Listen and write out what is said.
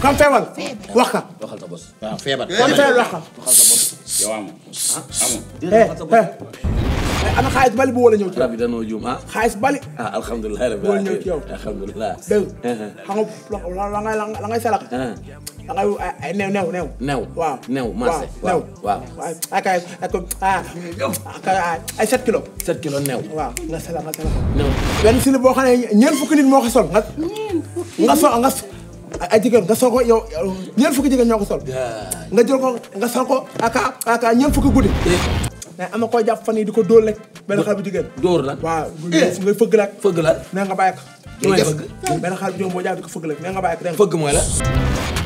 kam feebar. wax ka. waxal sa bos. waaw feebar. kam feebar wax ka. waxal sa bos yow amul. amul. ana xaalis bali bu wala ñëw ci yow. rabbi danoo juum ah. xaalis bali. ah alhamdulilah rabbi wala ñëw ci yow. alhamdulilah. dégg xam nga la ngay la ngay salax. da ngay ay new new new. new waaw new marché. waaw waaw ay kay ah ay 7 kilos. 7 kilos new. waaw nga salax nga salax. new benn si boo xam ne ñeent fukki nit moo ko sol nga. nga so nga. ay jigéen nga sol ko yow ñeent fukki jigéen ñoo ko sol. nga jël ko nga sol ko aka aka ñeent fukki guddi. Eh. mais am na koo jàpp fan yii di ko dóor benn xale bu jigéen. dóor la waaw eh. ngay fëgg la fëgg la nee nga bàyyi ko. li benn xale bu jigéen boo jàpp di ko fëgg la nee nga bàyyi ko fëgg mooy la.